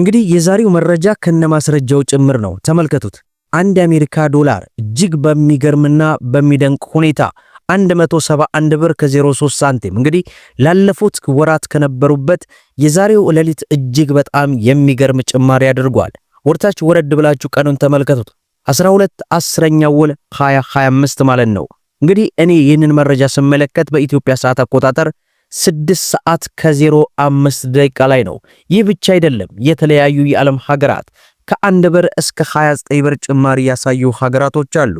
እንግዲህ የዛሬው መረጃ ከነማስረጃው ጭምር ነው። ተመልከቱት። አንድ የአሜሪካ ዶላር እጅግ በሚገርምና በሚደንቅ ሁኔታ 171 ብር ከ03 ሳንቲም እንግዲህ ላለፉት ወራት ከነበሩበት የዛሬው ሌሊት እጅግ በጣም የሚገርም ጭማሪ አድርጓል። ወርታች ወረድ ብላችሁ ቀኑን ተመልከቱት 12 10ኛ ውል 2025 ማለት ነው። እንግዲህ እኔ ይህንን መረጃ ስመለከት በኢትዮጵያ ሰዓት አቆጣጠር ስድስት ሰዓት ከዜሮ አምስት ደቂቃ ላይ ነው። ይህ ብቻ አይደለም። የተለያዩ የዓለም ሀገራት ከአንድ ብር እስከ 29 ብር ጭማሪ ያሳዩ ሀገራቶች አሉ።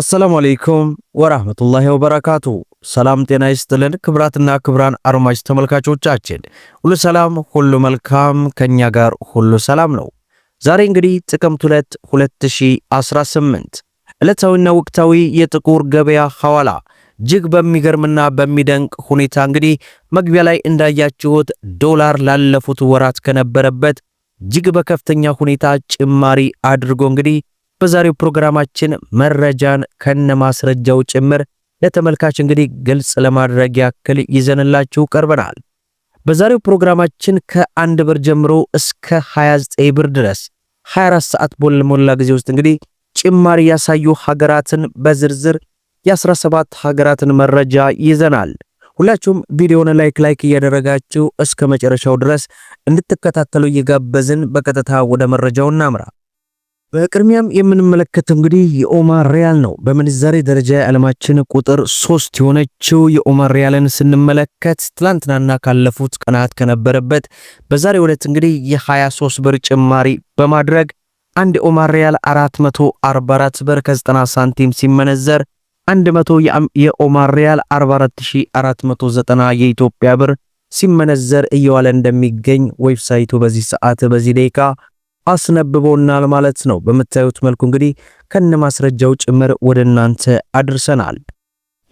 አሰላሙ አለይኩም ወራህመቱላሂ ወበረካቱ። ሰላም ጤና ይስጥልን ክብራትና ክብራን አርማጅ ተመልካቾቻችን ሁሉ ሰላም ሁሉ መልካም፣ ከኛ ጋር ሁሉ ሰላም ነው። ዛሬ እንግዲህ ጥቅምት 2 2018 ዕለታዊና ወቅታዊ የጥቁር ገበያ ሐዋላ እጅግ በሚገርምና በሚደንቅ ሁኔታ እንግዲህ መግቢያ ላይ እንዳያችሁት ዶላር ላለፉት ወራት ከነበረበት እጅግ በከፍተኛ ሁኔታ ጭማሪ አድርጎ እንግዲህ በዛሬው ፕሮግራማችን መረጃን ከነማስረጃው ጭምር ለተመልካች እንግዲህ ግልጽ ለማድረግ ያክል ይዘንላችሁ ቀርበናል። በዛሬው ፕሮግራማችን ከአንድ ብር ጀምሮ እስከ 29 ብር ድረስ 24 ሰዓት ባልሞላ ጊዜ ውስጥ እንግዲህ ጭማሪ ያሳዩ ሀገራትን በዝርዝር የ17 ሀገራትን መረጃ ይዘናል። ሁላችሁም ቪዲዮውን ላይክ ላይክ እያደረጋችሁ እስከ መጨረሻው ድረስ እንድትከታተሉ እየጋበዝን በቀጥታ ወደ መረጃው እናምራ። በቅድሚያም የምንመለከተው እንግዲህ የኦማር ሪያል ነው። በምንዛሬ ደረጃ የዓለማችን ቁጥር ሶስት የሆነችው የኦማር ሪያልን ስንመለከት ትላንትናና ካለፉት ቀናት ከነበረበት በዛሬ ዕለት እንግዲህ የ23 ብር ጭማሪ በማድረግ አንድ የኦማር ሪያል 444 ብር ከ90 ሳንቲም ሲመነዘር 100 የኦማር ሪያል 44490 የኢትዮጵያ ብር ሲመነዘር እየዋለ እንደሚገኝ ዌብሳይቱ በዚህ ሰዓት በዚህ ደቂቃ አስነብቦናል ማለት ነው። በምታዩት መልኩ እንግዲህ ከነ ማስረጃው ጭምር ወደ እናንተ አድርሰናል።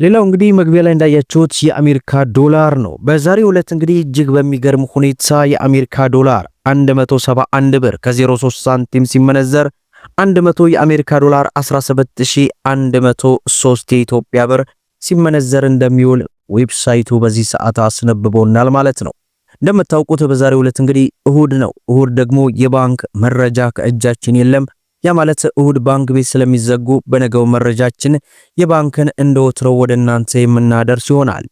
ሌላው እንግዲህ መግቢያ ላይ እንዳያችሁት የአሜሪካ ዶላር ነው። በዛሬው ዕለት እንግዲህ እጅግ በሚገርም ሁኔታ የአሜሪካ ዶላር 171 ብር ከ03 ሳንቲም ሲመነዘር 100 የአሜሪካ ዶላር 17103 የኢትዮጵያ ብር ሲመነዘር እንደሚውል ዌብሳይቱ በዚህ ሰዓት አስነብቦናል ማለት ነው። እንደምታውቁት በዛሬው ዕለት እንግዲህ እሁድ ነው። እሁድ ደግሞ የባንክ መረጃ ከእጃችን የለም። ያ ማለት እሁድ ባንክ ቤት ስለሚዘጉ በነገው መረጃችን የባንክን እንደወትሮ ወደ እናንተ የምናደርስ ይሆናል።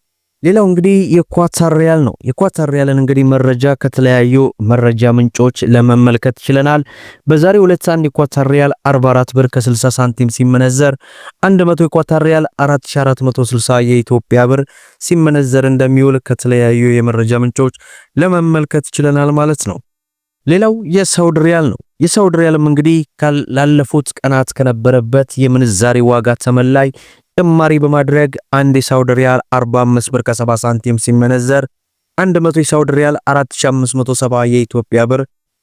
ሌላው እንግዲህ የኳታር ሪያል ነው። የኳታር ሪያልን እንግዲህ መረጃ ከተለያዩ መረጃ ምንጮች ለመመልከት ችለናል። በዛሬው ዕለት አንድ የኳታር ሪያል 44 ብር ከ60 ሳንቲም ሲመነዘር 100 የኳታር ሪያል 4460 የኢትዮጵያ ብር ሲመነዘር እንደሚውል ከተለያዩ የመረጃ ምንጮች ለመመልከት ችለናል ማለት ነው። ሌላው የሳውዲ ሪያል ነው። የሳውዲ ሪያልም እንግዲህ ላለፉት ቀናት ከነበረበት የምንዛሬ ዋጋ ተመላይ ጭማሪ በማድረግ አንድ የሳውዲ ሪያል 45 ብር ከ70 ሳንቲም ሲመነዘር 100 የሳውዲ ሪያል 4570 የኢትዮጵያ ብር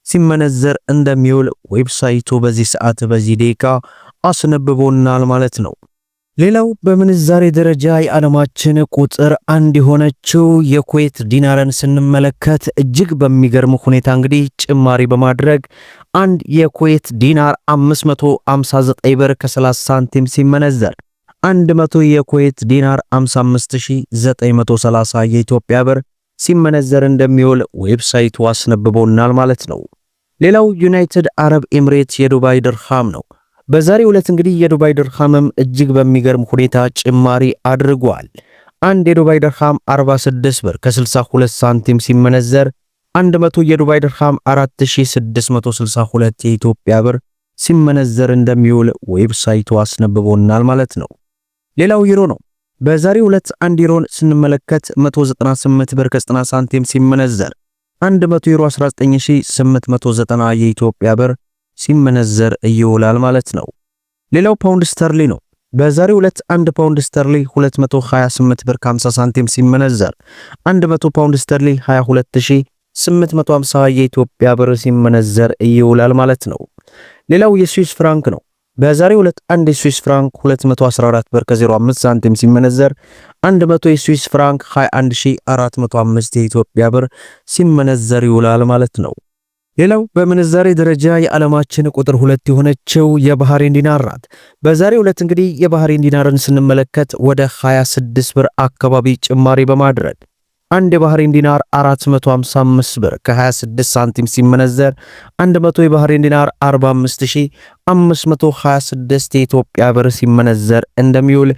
ሲመነዘር እንደሚውል ዌብሳይቱ በዚህ ሰዓት በዚህ ደቂቃ አስነብቦናል ማለት ነው። ሌላው በምንዛሬ ደረጃ የዓለማችን ቁጥር አንድ የሆነችው የኩዌት ዲናርን ስንመለከት እጅግ በሚገርም ሁኔታ እንግዲህ ጭማሪ በማድረግ አንድ የኩዌት ዲናር 559 ብር ከ30 ሳንቲም ሲመነዘር 100 የኩዌት ዲናር 55930 የኢትዮጵያ ብር ሲመነዘር እንደሚውል ዌብሳይቱ አስነብቦናል ማለት ነው። ሌላው ዩናይትድ አረብ ኤምሬት የዱባይ ድርሃም ነው። በዛሬው ዕለት እንግዲህ የዱባይ ድርሃምም እጅግ በሚገርም ሁኔታ ጭማሪ አድርጓል። አንድ የዱባይ ድርሃም 46 ብር ከ62 ሳንቲም ሲመነዘር 100 የዱባይ ድርሃም 4662 የኢትዮጵያ ብር ሲመነዘር እንደሚውል ዌብሳይቱ አስነብቦናል ማለት ነው። ሌላው ዩሮ ነው። በዛሬ ሁለት አንድ ዩሮን ስንመለከት 198 ብር ከ90 ሳንቲም ሲመነዘር 100 ዩሮ 19890 የኢትዮጵያ ብር ሲመነዘር ይውላል ማለት ነው። ሌላው ፓውንድ ስተርሊ ነው። በዛሬ ሁለት አንድ ፓውንድ ስተርሊ 228 ብር 50 ሳንቲም ሲመነዘር 100 ፓውንድ ስተርሊ 22850 የኢትዮጵያ ብር ሲመነዘር ይውላል ማለት ነው። ሌላው የስዊስ ፍራንክ ነው። በዛሬው ዕለት አንድ የስዊስ ፍራንክ 214 ብር ከ05 ሳንቲም ሲመነዘር 100 የስዊስ ፍራንክ 21405 የኢትዮጵያ ብር ሲመነዘር ይውላል ማለት ነው። ሌላው በምንዛሬ ደረጃ የዓለማችን ቁጥር ሁለት የሆነችው የባህሬን ዲናር ናት። በዛሬው ዕለት እንግዲህ የባህሬን ዲናርን ስንመለከት ወደ 26 ብር አካባቢ ጭማሪ በማድረግ አንድ የባህሬን ዲናር 455 ብር ከ26 ሳንቲም ሲመነዘር 100 የባህሬን ዲናር 45526 የኢትዮጵያ ብር ሲመነዘር እንደሚውል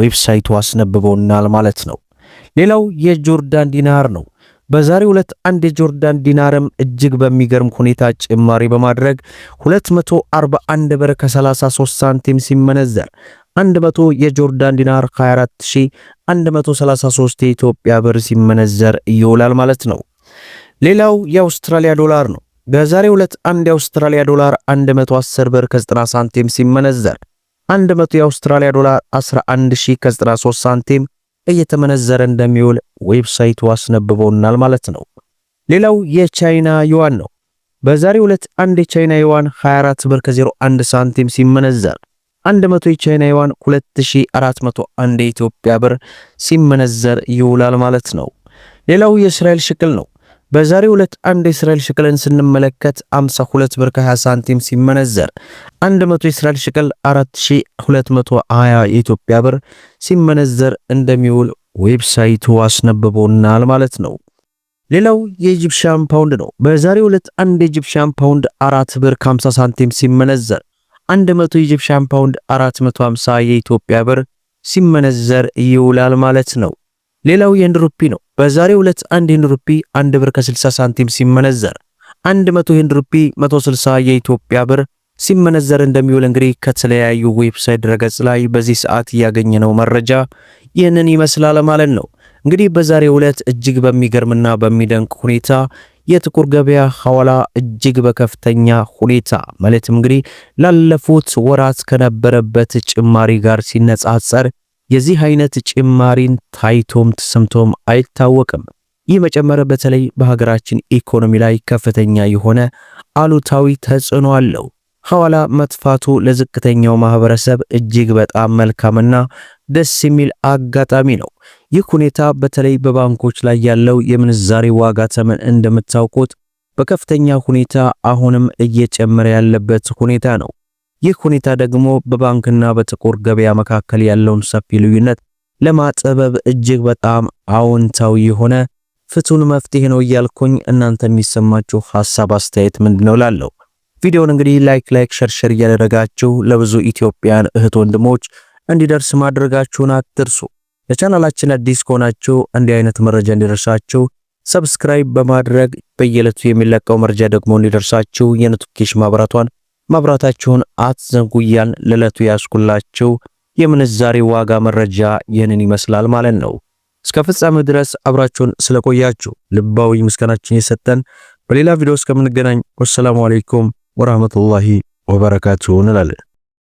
ዌብሳይቱ አስነብቦናል ማለት ነው። ሌላው የጆርዳን ዲናር ነው። በዛሬው ዕለት አንድ የጆርዳን ዲናርም እጅግ በሚገርም ሁኔታ ጭማሪ በማድረግ 241 ብር ከ33 ሳንቲም ሲመነዘር 100 የጆርዳን ዲናር 24133 የኢትዮጵያ ብር ሲመነዘር ይውላል ማለት ነው። ሌላው የአውስትራሊያ ዶላር ነው። በዛሬው ዕለት አንድ የአውስትራሊያ ዶላር 110 ብር ከ90 ሳንቲም ሲመነዘር 100 የአውስትራሊያ ዶላር 11 ከ93 ሳንቲም እየተመነዘረ እንደሚውል ዌብሳይቱ አስነብቦናል ማለት ነው። ሌላው የቻይና ዩዋን ነው። በዛሬው ዕለት አንድ የቻይና ዩዋን 24 ብር ከ01 ሳንቲም ሲመነዘር 100 የቻይና ዩዋን 2401 የኢትዮጵያ ብር ሲመነዘር ይውላል ማለት ነው። ሌላው የእስራኤል ሽቅል ነው። በዛሬው ዕለት አንድ የእስራኤል ሽቅልን ስንመለከት 52 ብር ከ20 ሳንቲም ሲመነዘር 100 የእስራኤል ሽቅል 4220 የኢትዮጵያ ብር ሲመነዘር እንደሚውል ዌብሳይቱ አስነብቦናል ማለት ነው። ሌላው የኢጂፕሽያን ፓውንድ ነው። በዛሬው ዕለት አንድ የኢጂፕሽያን ፓውንድ 4 ብር ከ50 ሳንቲም ሲመነዘር 100 ኢጂፕሽያን ፓውንድ 450 የኢትዮጵያ ብር ሲመነዘር ይውላል ማለት ነው። ሌላው የንድ ሩፒ ነው። በዛሬው ዕለት አንድ የንድ ሩፒ 1 ብር ከ60 ሳንቲም ሲመነዘር 100 የንድ ሩፒ 160 የኢትዮጵያ ብር ሲመነዘር እንደሚውል እንግዲህ ከተለያዩ ዌብሳይት ድረገጽ ላይ በዚህ ሰዓት ያገኘነው መረጃ ይህንን ይመስላል ማለት ነው። እንግዲህ በዛሬው ዕለት እጅግ በሚገርምና በሚደንቅ ሁኔታ የጥቁር ገበያ ሐዋላ እጅግ በከፍተኛ ሁኔታ ማለትም እንግዲህ ላለፉት ወራት ከነበረበት ጭማሪ ጋር ሲነጻጸር የዚህ አይነት ጭማሪን ታይቶም ተሰምቶም አይታወቅም። ይህ መጨመር በተለይ በሀገራችን ኢኮኖሚ ላይ ከፍተኛ የሆነ አሉታዊ ተጽዕኖ አለው። ሐዋላ መጥፋቱ ለዝቅተኛው ማህበረሰብ እጅግ በጣም መልካምና ደስ የሚል አጋጣሚ ነው። ይህ ሁኔታ በተለይ በባንኮች ላይ ያለው የምንዛሬ ዋጋ ተመን እንደምታውቁት በከፍተኛ ሁኔታ አሁንም እየጨመረ ያለበት ሁኔታ ነው። ይህ ሁኔታ ደግሞ በባንክና በጥቁር ገበያ መካከል ያለውን ሰፊ ልዩነት ለማጠበብ እጅግ በጣም አዎንታዊ የሆነ ፍቱን መፍትሄ ነው እያልኩኝ እናንተ የሚሰማችሁ ሐሳብ አስተያየት ምንድነው ላለው ቪዲዮውን እንግዲህ ላይክ ላይክ ሸር ሸር እያደረጋችሁ ለብዙ ኢትዮጵያን እህት ወንድሞች እንዲደርስ ማድረጋችሁን አትርሱ። ለቻናላችን አዲስ ከሆናችሁ እንዲህ አይነት መረጃ እንዲደርሳችሁ ሰብስክራይብ በማድረግ በየዕለቱ የሚለቀው መረጃ ደግሞ እንዲደርሳችሁ የኖቲፊኬሽን ማብራቷን ማብራታችሁን አትዘንጉ እያልን ለዕለቱ ያስኩላችሁ የምንዛሬ ዋጋ መረጃ ይህንን ይመስላል ማለት ነው። እስከ ፍጻሜው ድረስ አብራችሁን ስለቆያችሁ ልባዊ ምስጋናችን የሰጠን በሌላ ቪዲዮ እስከምንገናኝ ወሰላሙ አሌይኩም ወራህመቱላሂ ወበረካቱሁ እንላለን።